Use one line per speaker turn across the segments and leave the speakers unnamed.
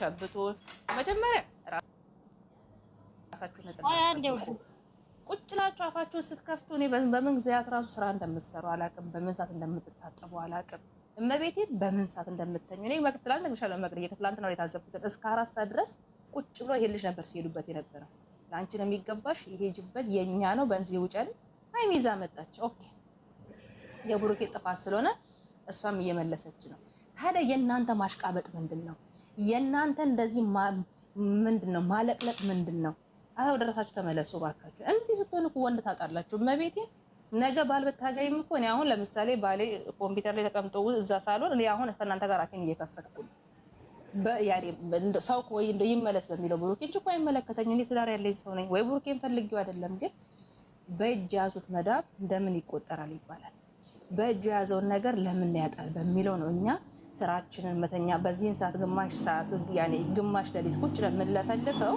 ሸብቶ መጀመሪያ ራሳችሁ ነጽ ቁጭላችሁ አፋችሁን ስትከፍቱ እኔ በምን ጊዜያት ራሱ ስራ እንደምትሰሩ አላውቅም። በምን ሰዓት እንደምትታጠቡ አላውቅም። እመቤቴ በምን ሰዓት እንደምትተኙ እኔ ትላንት እንደምሻለ መቅደዬ ከትላንት ነው የታዘብኩትን እስከ አራት ሰዓት ድረስ ቁጭ ብሎ ይሄ ልጅ ነበር ሲሄዱበት የነበረው። ለአንቺ ነው የሚገባሽ፣ ይሄጅበት የኛ ነው በእንዚህ ውጨል ሀይሚዛ መጣች። ኦኬ የቡሩኬ ጥፋት ስለሆነ እሷም እየመለሰች ነው። ታዲያ የእናንተ ማሽቃበጥ ምንድን ነው? የእናንተ እንደዚህ ምንድን ነው ማለቅለቅ ምንድን ነው? አረ ወደ ተመለሱ ባካችሁ። እንዲህ ስትሆን እኮ ወንድ ታጣላችሁ። መቤቴን ነገ ባል ብታገኝም እኮ እኔ አሁን ለምሳሌ ባሌ ኮምፒውተር ላይ ተቀምጦ እዛ ሳልሆን እኔ አሁን ከእናንተ ጋር አፌን እየከፈትኩ ሰው ወይ እንደ ይመለስ በሚለው ብሩኬ እንጂ እኮ አይመለከተኝ። እኔ ትዳር ያለኝ ሰው ነኝ። ወይ ብሩኬን ፈልጌው አይደለም፣ ግን በእጅ ያዙት መዳብ እንደምን ይቆጠራል ይባላል። በእጁ የያዘውን ነገር ለምን ያጣል በሚለው ነው እኛ ስራችንን መተኛ በዚህን ሰዓት ግማሽ ሰዓት ያኔ ግማሽ ሌሊት ቁጭ ለምንለፈልፈው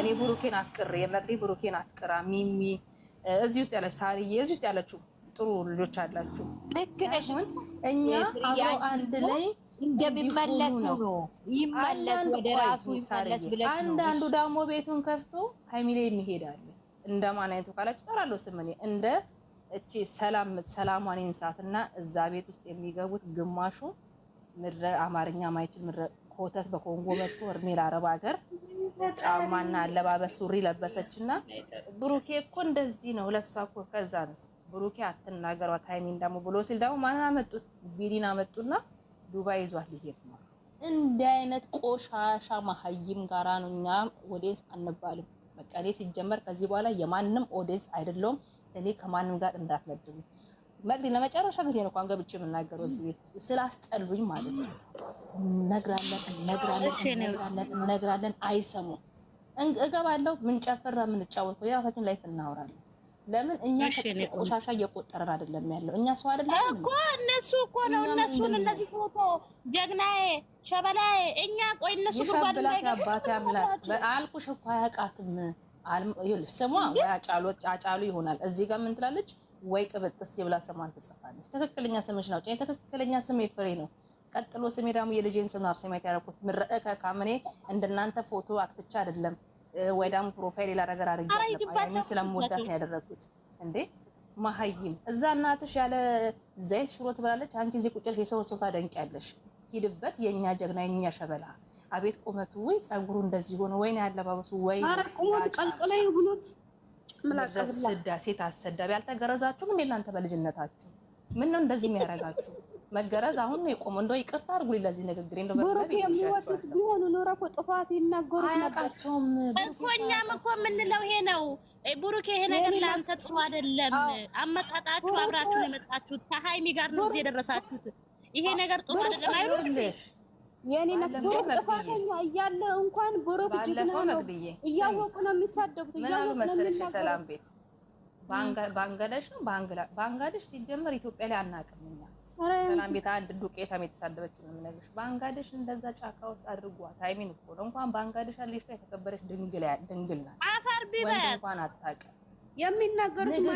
እኔ ብሩኬን አፍቅሬ የመሪ ብሩኬን አፍቅራ ሚሚ እዚህ ውስጥ ያለች ሳርዬ እዚህ ውስጥ ያለችው ጥሩ ልጆች አላችሁ። ልክ ነሽ። እኛ አብሮ አንድ ላይ
እንደሚመለስ ነው ይመለስ ወደ ራሱ ይመለስ ብለሽ
አንዳንዱ ደግሞ ቤቱን ከፍቶ ሀይሚሌ የሚሄዳለ እንደማን አይነቱ ካላችሁ ጠራለሁ ስምኔ እንደ እቺ ሰላም ሰላሟን ይንሳት እና እዛ ቤት ውስጥ የሚገቡት ግማሹ ምድረ አማርኛ ማይችል ምድረ ኮተት በኮንጎ መጥቶ እድሜ አረብ ሀገር ጫማና አለባበስ ሱሪ ለበሰች እና ብሩኬ እኮ እንደዚህ ነው ለሷ እኮ ከዛ ነስ ብሩኬ አትናገሯት ሀይሚን ደግሞ ብሎ ሲል ደግሞ ማንን አመጡት? ቢሊን አመጡና ዱባይ ይዟት ሊሄድ ነው። እንዲህ አይነት ቆሻሻ መሀይም ጋራ ነው እኛ ወዴስ አንባልም። በቃ እኔ ሲጀመር ከዚህ በኋላ የማንም ኦዲየንስ አይደለውም። እኔ ከማንም ጋር እንዳትለብኝ መቅድ ለመጨረሻ ጊዜ ነው እንኳን ገብቼ የምናገረው እዚህ ቤት ስላስጠሉኝ ማለት ነው። ነግራለን ነግራለን ነግራለን ነግራለን አይሰሙም። እገባለሁ፣ ምንጨፍር፣ ምንጫወት፣ የራሳችን ላይፍ እናውራለን ለምን እኛ ቆሻሻ እየቆጠረን አይደለም ያለው? እኛ ሰው አይደለም
እኮ እነሱ እኮ ነው። እነሱን እነዚህ ፎቶ ጀግናዬ፣ ሸበላዬ እኛ
ቆይ እነሱ ሸበላት አባቴ አምላክ አልኩሽ እኮ አያውቃትም። ስሟ አጫሉ ይሆናል። እዚህ ጋር ምን ትላለች? ወይ ቅብጥስ የብላ ስሟን ትጽፋለች። ትክክለኛ ስምሽ ናቸው። ትክክለኛ ስም ፍሬ ነው። ቀጥሎ ስሜ ደግሞ የልጄን ስም ነው አርሴማዊት ያደረኩት። ምረቀ ከካምኔ እንደናንተ ፎቶ አትፍቻ አይደለም ወይ ደግሞ ፕሮፋይል ሌላ ነገር አድርጌ አላውቅም ስለምወዳት ነው ያደረኩት። እንዴ መሀይም እዛ እናትሽ ያለ ዘይት ሽሮ ትበላለች። አንቺ እዚህ ቁጭ ብለሽ የሰው ሶታ ደንቂያለሽ። ሂድበት የኛ ጀግና የኛ ሸበላ። አቤት ቁመቱ ወይ ፀጉሩ እንደዚህ ሆነ ወይ ያለባበሱ ወይ ቀልቅላይ ብሎት ስዳ ሴት አሰዳቢ አልተገረዛችሁም እንዴ እናንተ በልጅነታችሁ ምን ነው እንደዚህ የሚያደርጋችሁ? መገረዝ አሁን ነው የቆመው። እንደው ይቅርታ አድርጉልኝ ለዚህ ንግግር። እንደው ብሩክ የሚወጡት ቢሆኑ ኖሮ እኮ ጥፋት ይናገሩት ነበር እኮ። እኛም እኮ የምንለው ይሄ ነው ብሩክ። ይሄ ነገር ለአንተ ጥሩ አይደለም። አመጣጣችሁ አብራችሁ የመጣችሁት ከሀይሚ ጋር ነው እዚህ የደረሳችሁት። ይሄ ነገር ጥሩ አይደለም አይሉም የኔ ብሩክ ጥፋተኛ እያለ እንኳን ብሩክ ጅግና ነው እያወቁ ነው የሚሳደቡት። እያወቁ መሰለሽ የሰላም ቤት ባንጋዴሽ ነው ባንጋዴሽ ሲጀመር ኢትዮጵያ ላይ አናውቅም እኛ ሰላም ቤት አንድ ዱቄታም የተሳደበችው ነው የምነግርሽ። ባንጋዴሽ እንደዛ ጫካ ውስጥ አድርጓት። አይሚን እኮ ነው እንኳን ባንጋዴሽ አለሽ ላይ የተከበረች ድንግል ናት። አፈር ቢበት እንኳን አታውቅም። የሚናገሩት እዛ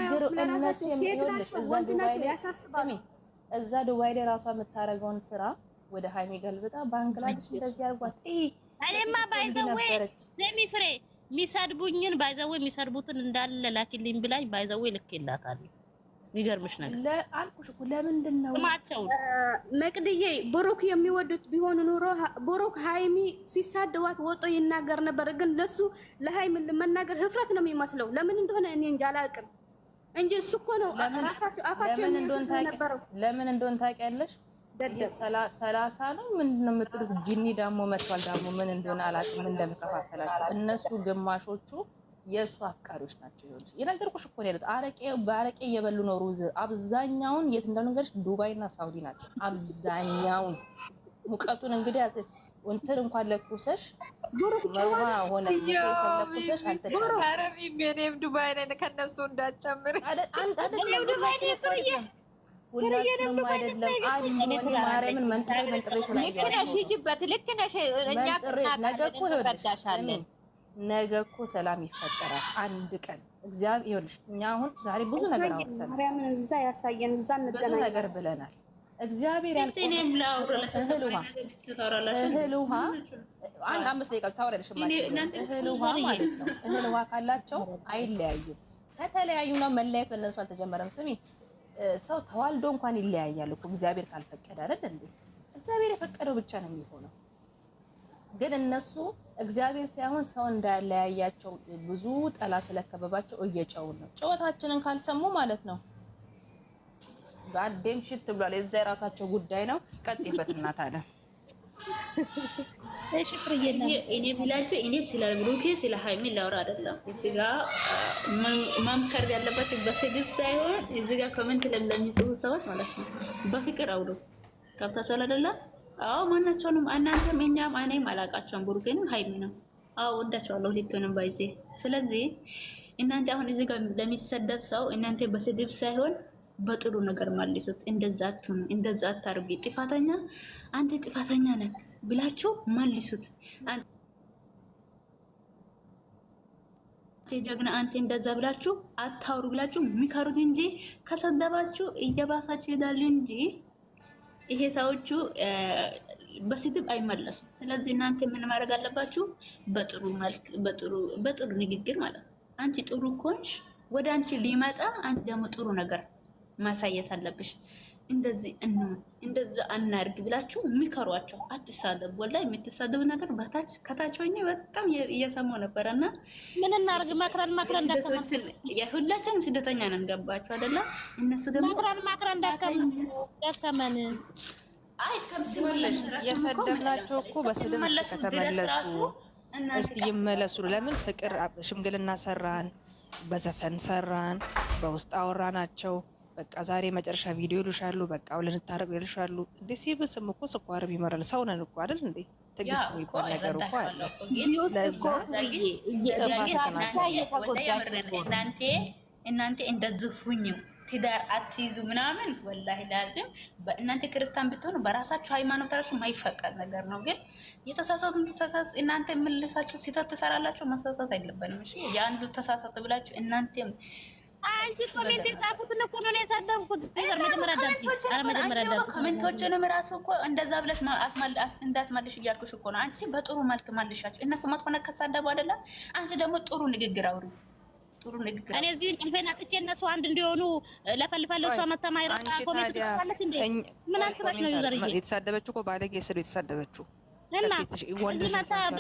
ዱባይ ላይ ራሷ የምታረገውን ስራ ወደ ሃይሚ ገልብጣ ባንግላዴሽ እንደዚህ አድርጓት። ይሄ እኔማ ባይዘዌ ዘሚፍሬ የሚሰድቡኝን ባይዘዌ የሚሰድቡትን እንዳለ ላኪልኝ ብላኝ ባይዘዌ ልክ ይላታል የሚገርምሽ ነገር አልኩሽ እኮ ለምንድን ነው ማቸው መቅድዬ ብሩክ የሚወዱት ቢሆን ኑሮ ብሩክ ሀይሚ ሲሳደዋት ወጦ ይናገር ነበር። ግን ለሱ ለሃይሚ መናገር ህፍረት ነው የሚመስለው። ለምን እንደሆነ እኔ እንጃ አላውቅም እንጂ እሱ እኮ ነው ራሳቸው አፋቸው ነበረው። ለምን እንደሆነ ታውቂያለሽ? ሰላሳ ነው ምንድን ነው የምትሉት? ጂኒ ዳሞ መጥቷል። ዳሞ ምን እንደሆነ አላውቅም እንደምከፋፈላቸው እነሱ ግማሾቹ የእሱ አፍቃሪዎች ናቸው። ይሆን የነገርኩሽ እኮ ነው ያሉት። አረቄ በአረቄ እየበሉ ነው ሩዝ። አብዛኛውን የት እንዳሉ ነገሮች ዱባይና ሳውዲ ናቸው። አብዛኛውን ሙቀቱን እንግዲህ እንትን እንኳን ለኩሰሽ መርዋ ሆነ ለኩሰሽ አረቢ እኔም ዱባይ ነን። ከነሱ እንዳጨምር ሁላችንም አይደለም አሉ። እኔ ማርያምን መንጥሬ መንጥሬ ስላየሁ ልክ ነሽ፣ ሂጂበት። ልክ ነሽ። እኛ ቅናት እንረዳሻለን ነገ እኮ ሰላም ይፈጠራል። አንድ ቀን እግዚአብሔር ይኸውልሽ፣ እኛ አሁን ዛሬ ብዙ ነገር አውርተናል፣ ብዙ ነገር ብለናል። እግዚአብሔር እህል ውሃ አንድ አምስት ደቂቃ ታወራለሽ እህል ውሃ ማለት ነው። እህል ውሃ ካላቸው አይለያዩም። ከተለያዩ ነው መለያየት በእነሱ አልተጀመረም። ስሚ ሰው ተዋልዶ እንኳን ይለያያል እኮ እግዚአብሔር ካልፈቀደ አይደል እንዴ? እግዚአብሔር የፈቀደው ብቻ ነው የሚሆነው ግን እነሱ እግዚአብሔር ሳይሆን ሰው እንዳለያያቸው ብዙ ጠላ ስለከበባቸው እየጨውን ነው። ጨዋታችንን ካልሰሙ ማለት ነው። ጋዴም ሽት ብሏል። የዛ የራሳቸው ጉዳይ ነው። ቀጥይበት እናት አለ እሺ ፍሬየና እኔ ብላችሁ እኔ ስለ ብሩኬ ስለ ሃይሚ ላውራ አይደለም። እዚጋ ጋር መምከር ያለበት በስድብ ሳይሆን እዚጋ ጋር ለሚጽፉ ሰዎች ማለት ነው በፍቅር አውሉ ከብታችኋል አይደለም አዎ ማናቸውንም እናንተም እኛም እኔም አላውቃቸውም። ቡርጌንም ሀይሚ ነው። አዎ ወዳቸዋለሁ ሁለቱንም ባይዜ። ስለዚህ እናንተ አሁን እዚህ ጋር ለሚሰደብ ሰው እናንተ በስድብ ሳይሆን በጥሩ ነገር መልሱት። እንደዛ አትሁኑ፣ እንደዛ አታርጊ። ጥፋተኛ አንተ ጥፋተኛ ነህ ብላችሁ መልሱት። ጀግና አንተ እንደዛ ብላችሁ አታውሩ ብላችሁ ሚከሩት እንጂ ከሰደባችሁ እየባሳችሁ ይሄዳል እንጂ ይሄ ሰዎቹ በስድብ አይመለሱም። ስለዚህ እናንተ ምን ማድረግ አለባችሁ? በጥሩ መልክ በጥሩ በጥሩ ንግግር ማለት ነው። አንቺ ጥሩ ኮንሽ ወደ አንቺ ሊመጣ አንቺ ደግሞ ጥሩ ነገር ማሳየት አለብሽ። እንደዚህ እንሆን እንደዛ አናርግ ብላችሁ ምከሯቸው። አትሳደቡ። ወላሂ የምትሳደቡ ነገር በታች ከታች ሆኜ በጣም እየሰማሁ ነበረ እና ምን እናርግ መክረን መክረን ስደቶችን የሁላችንም ስደተኛ ነን። ገባችሁ አይደለ? እነሱ ደግሞ መክረን መክረን ደከመን። አይ እስከምትመለሽ የሰደብናቸው እኮ በስድብ ከተመለሱ እስቲ ይመለሱ። ለምን ፍቅር ሽምግልና ሰራን፣ በዘፈን ሰራን፣ በውስጥ አወራናቸው በቃ ዛሬ መጨረሻ ቪዲዮ ይሉሻሉ፣ በቃ ልንታረቅ ይሉሻሉ። እንዴ ሲብስም እኮ ስኳር ቢመረል ሰው ነን እኮ አይደል እንዴ? ትዕግስት የሚባል ነገር እኮ አለ። እናንተ እንደዝፉኝ ትዳር አትይዙ ምናምን ወላሂ ላዚም እናንተ ክርስቲያን ብትሆኑ በራሳችሁ ሃይማኖታችሁ ማይፈቀድ ነገር ነው። ግን የተሳሳቱን ተሳሳት እናንተ የምልሳችሁ ስህተት ትሰራላችሁ። መሳሳት አይለበንም። የአንዱ ተሳሳት ብላችሁ እናንተም አንቺ ኮሜንት የጻፉትን እኮ ነው ያሳደምኩት። መጀመሪያ ኮሜንቶችንም ራሱ እኮ እንደዛ ብለት እንዳትመልሽ እያልኩሽ እኮ ነው። አንቺ በጥሩ መልክ መልሻቸው። እነሱ መጥፎ ነገር ካሳደቡ አይደለም። አንቺ ደግሞ ጥሩ ንግግር አውሪ፣ ጥሩ ንግግር። እኔ እዚህ እንቅልፌን አጥቼ እነሱ አንድ እንዲሆኑ ለፈልፋለሁ። እሷ መተማይ ራሱ ኮሜንት ትጻፋለች እንዴ? ምን አስበሽ ነው? ይዘር የተሳደበችው እኮ ባለጌ ስለ የተሳደበችው እና ወንድ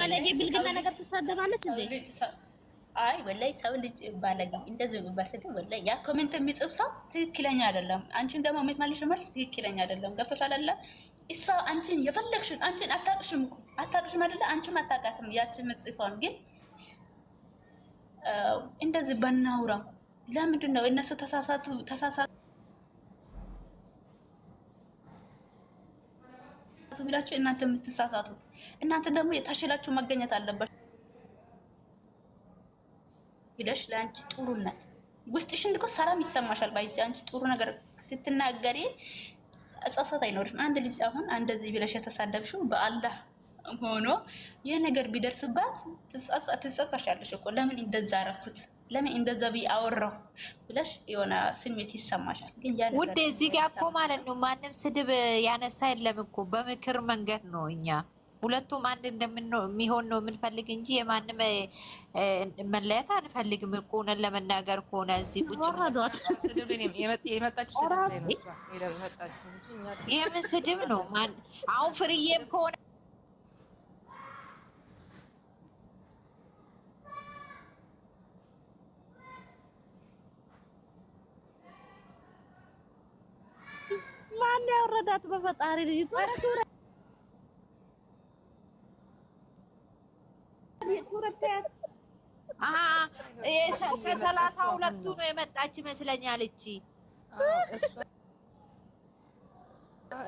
ባለጌ ብልግና ነገር ትሳደባለች እንዴ? አይ ወላይ ሰው ልጅ ባለጌ እንደዚህ ባሰደ ወላይ ያ ኮሜንት የሚጽፍ ሰው ትክክለኛ አይደለም። አንቺን ደግሞ ሜት ማለሽ ማለት ትክክለኛ አይደለም። ገብቶሻል አይደለ? እሷ አንቺን የፈለግሽን አንቺን አታቅሽም እኮ አታቅሽም አይደለ? አንቺም አታቃትም ያቺን ምጽፏን። ግን እንደዚህ በናውራ ለምንድን ነው እነሱ ተሳሳቱ ተሳሳቱ ብላችሁ እናንተ የምትሳሳቱት? እናንተ ደግሞ የታሸላችሁ መገኘት አለበት። ብለሽ ለአንቺ ጥሩነት ውስጥሽን እኮ ሰላም ይሰማሻል። ባይ አንቺ ጥሩ ነገር ስትናገሪ ጸጸት አይኖርም። አንድ ልጅ አሁን እንደዚህ ብለሽ የተሳደብሽው በአላህ ሆኖ ይህ ነገር ቢደርስባት ትጸጸሻለሽ እኮ ለምን እንደዛ አረኩት፣ ለምን እንደዛ አወራሁ ብለሽ የሆነ ስሜት ይሰማሻል። ግን ውዴ እዚህ ጋር እኮ ማለት ነው ማንም ስድብ ያነሳ የለም እኮ በምክር መንገድ ነው እኛ ሁለቱም አንድ እንደሚሆን ነው የምንፈልግ እንጂ የማንም መለያየት አንፈልግም። ሆነን ለመናገር ከሆነ እዚህ ውጭ የምን ስድብ ነው? አሁን ፍርዬም ከሆነ ማን ያወረዳት በፈጣሪ ልጅ ቱርፒያት ከሰላሳ ሁለቱ ነው የመጣች ይመስለኛል። እቺ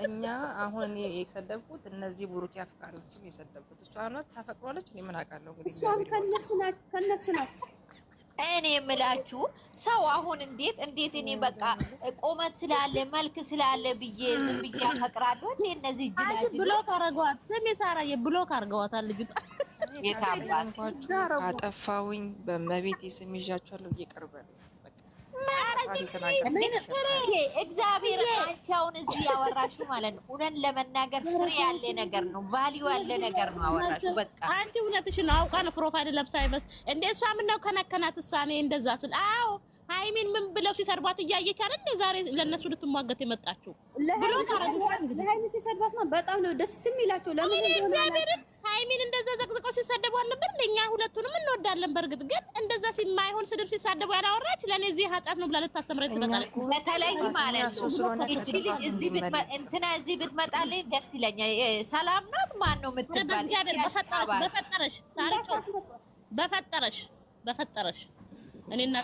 እኛ አሁን የሰደብኩት እነዚህ ቡሩኪ አፍቃሪዎቹን የሰደብኩት እሷ ናት። ታፈቅሯለች። እኔ ምን አውቃለሁ? እሷም ከነሱ ናት ከነሱ ናት። እኔ የምላችሁ ሰው አሁን እንዴት እንዴት እኔ በቃ ቁመት ስላለ መልክ ስላለ ብዬ ዝም ብዬ አፈቅራለሁ። እነዚህ እጅ ብሎክ አረገዋት። ስሜ ሳራ የብሎክ አርገዋታል ልጅቷ አጠፋውኝ በመቤት ስም ይዣችኋለሁ። ይቅር በል እግዚአብሔር። አንቺ አሁን እዚህ ያወራሽው ማለት ነው እውነት ለመናገር ፍሬ ያለ ነገር ነው፣ ቫሊዩ ያለ ነገር ነው አወራሽው። በቃ አንቺ እውነትሽን አውቃ ነው ፕሮፋይል ለብሳ ይበስ እንደ እሷ ምነው ከነከናት እሳኔ እንደዛ ስል አዎ ሃይሚን ምን ብለው ሲሰርባት እያየች አይደል እንደ ዛሬ ለነሱ ልትሟገት የመጣችው። ለሃይሚ ሲሰርባት በጣም ነው ደስ የሚላቸው ለምን እንደሆነ ሀይሚን እንደዛ ዘቅዝቀው ሲሳደቡ አልነበር? ለእኛ ሁለቱንም እንወዳለን። በእርግጥ ግን እንደዛ ሲማይሆን ስድብ ሲሳደቡ ያላወራች ለእኔ እዚህ ሀጻት ነው ብላ ልታስተምረኝ ትመጣለች። በተለይ ማለት ነው እቺ ልጅ እዚህ እንትና እዚህ ብትመጣልኝ ደስ ይለኛል። ሰላም ናት ማን ነው የምትባል? በፈጠረሽ ሳርቾ በፈጠረሽ በፈጠረሽ እኔና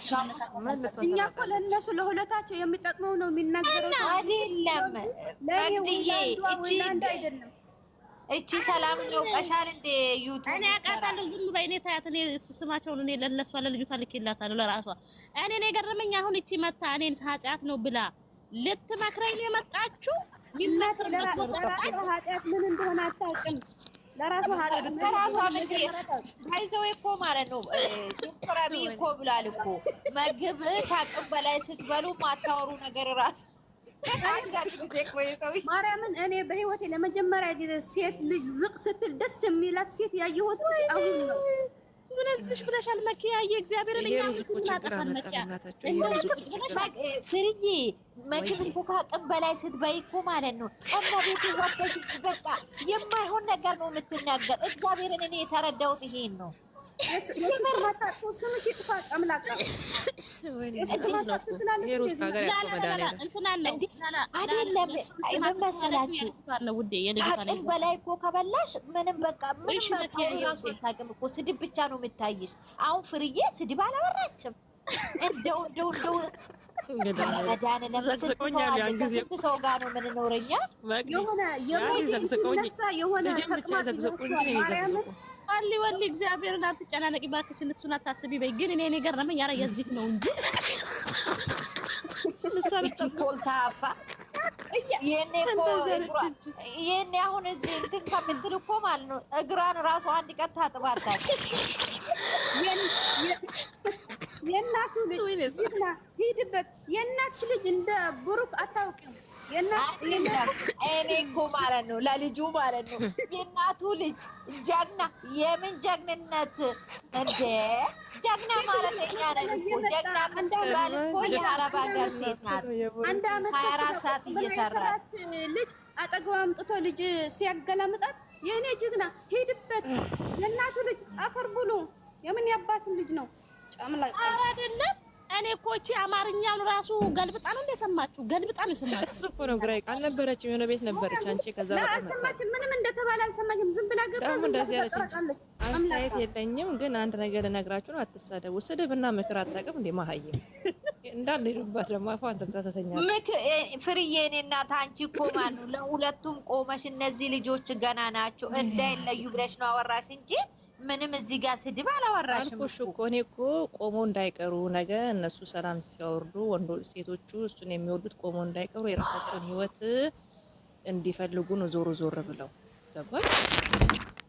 እኛ እኮ ለእነሱ ለሁለታቸው የሚጠቅመው ነው የሚናገረው አይደለም። እቺ ሰላም ነው ቀሻል እንደ ዩቱብ እኔ አቃታለሁ። ዝም በይ እኔ ታያት። እኔ እሱ ስማቸውን እኔ ለለሷ ለልጅቷ ልኬላታለሁ ለራሷ። እኔ ነው ገረመኝ። አሁን እቺ መታ እኔን ኃጢአት ነው ብላ ልትመክረኝ ነው የመጣችው። ቢመት ለራሷ ኃጢአት ምን እንደሆነ አታውቅም። ለራሷ ኃጢአት ለራሷ ምን ባይዘው እኮ ማለት ነው። ዶክተር አብይ እኮ ብሏል እኮ ምግብ ታቅም በላይ ስትበሉ ማታወሩ ነገር ራሱ ማርያምን እኔ በህይወቴ ለመጀመሪያ ጊዜ ሴት ልጅ ዝቅ ስትል ደስ የሚላት ሴት ያየሁት አሁን ነው። ብለሽ ብለሻል መኪያ የእግዚአብሔር ፍርዬ በላይ ስትበይ እኮ ማለት ነው። ቤት ወደሽ በቃ የማይሆን ነገር ነው የምትናገር። እግዚአብሔርን እኔ የተረዳሁት ይሄን ነው። አይደለም ምን መሰላችሁ፣ ከአቅም በላይ እኮ ከበላሽ ምንም በቃ ምንም እራሱ አታውቅም እኮ ስድብ ብቻ ነው የምታይሽ። አሁን ፍርዬ ስድብ አላወራችም። እንደው እንደው እንደው ስንት ሰው ጋር ነው የምንኖረኛ የሆነ አሊ ወሊ እግዚአብሔርን አትጨናነቂ እባክሽን፣ እሱን አታስቢ በይ። ግን እኔ ነገር ለምን ያራ የዚች ነው እንጂ እቺ ኮልታፋ ይሄኔ አሁን እዚህ እንትን ከምትል እኮ ማለት ነው እግራን ራሱ አንድ ቀን ታጥባታል። የእናቱ ልጅ ሂድበት። የእናትሽ ልጅ እንደ ብሩክ አታውቂው እኔ እኮ ማለት ነው ለልጁ ማለት ነው የእናቱ ልጅ ጀግና። የምን ጀግንነት እንደ ጀግና ማለት እኛ ነን እኮ ጀግና የምትባል እኮ የአረብ ሀገር ሴት ናት። ሀያ አራት ሰዓት እየሰራች ልጅ አጠገቧ አምጥቶ ልጅ ሲያገላምጣት የእኔ ጀግና ሂድበት፣ የእናቱ ልጅ አፈር ብሉ። የምን ያባትን ልጅ ነው ጨምላቅ አይደለም እኔ እኮ እቺ አማርኛውን ራሱ ገልብጣ ነው እንደሰማችሁ፣ ገልብጣ ነው የሰማችሁ። እሱ እኮ ነው ቃል አልነበረችም፣ የሆነ ቤት ነበረች። አንቺ ከዛ አልሰማችም፣ ምንም እንደተባለ አልሰማችም። ዝም ብላ ገባ። ዝም ብላ አስተያየት የለኝም፣ ግን አንድ ነገር ልነግራችሁ ነው። አትሳደቡ። ስድብና ምክር አጠቅም እንዴ ማህዬ እንዳለ ይሩባት ደግሞ አፏን ተከታተኛ ምክ ፍርዬ፣ እኔ እናት አንቺ እኮ ማነው ለሁለቱም ቆመሽ እነዚህ ልጆች ገና ናቸው እንዳይለዩ ብለሽ ነው አወራሽ እንጂ ምንም እዚህ ጋር ስድብ አላወራሽም እኮ እኔ እኮ ቆሞ እንዳይቀሩ ነገ እነሱ ሰላም ሲያወርዱ ወንዶ ሴቶቹ እሱን የሚወዱት ቆሞ እንዳይቀሩ የራሳቸውን ህይወት እንዲፈልጉ ነው ዞሮ ዞር ብለው ገባል።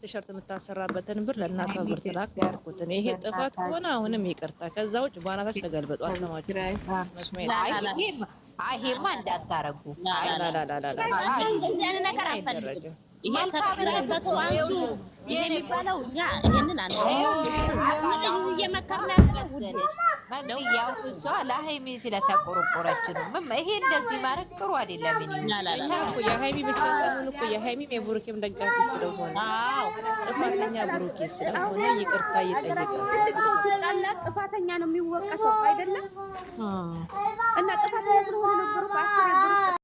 ቲሸርት የምታሰራበትን ብር ለእናቷ ብር ትላክ ያልኩትን ይሄ ጥፋት ከሆነ አሁንም ይቅርታ። ከዛ ውጭ በአናታች ተገልበጡ አልሰማችሁም። ይሄማ እንዳታረጉ አይደረግም። ይሄ ሰብረበት አንሱ የሚባለው እኛ ይሄንን አንልም እየመከርን መሰለሽ መግቢያው እሷ ለሀይሚ ስለተቆረቆረች ነው። ይሄ እንደዚህ ማድረግ ጥሩ አይደለም። የሀይሚ ብቻ ሳይሆን እኮ የሀይሚም የቡሩኬም ደጋፊ ስለሆነ ጥፋተኛ ቡሩኬ ስለሆነ ይቅርታ እየጠየቀ ትልቅ ሰው ሲጣላ ጥፋተኛ ነው የሚወቀሰው አይደለም እና ጥፋተኛ ስለሆነ ነበሩ በአስር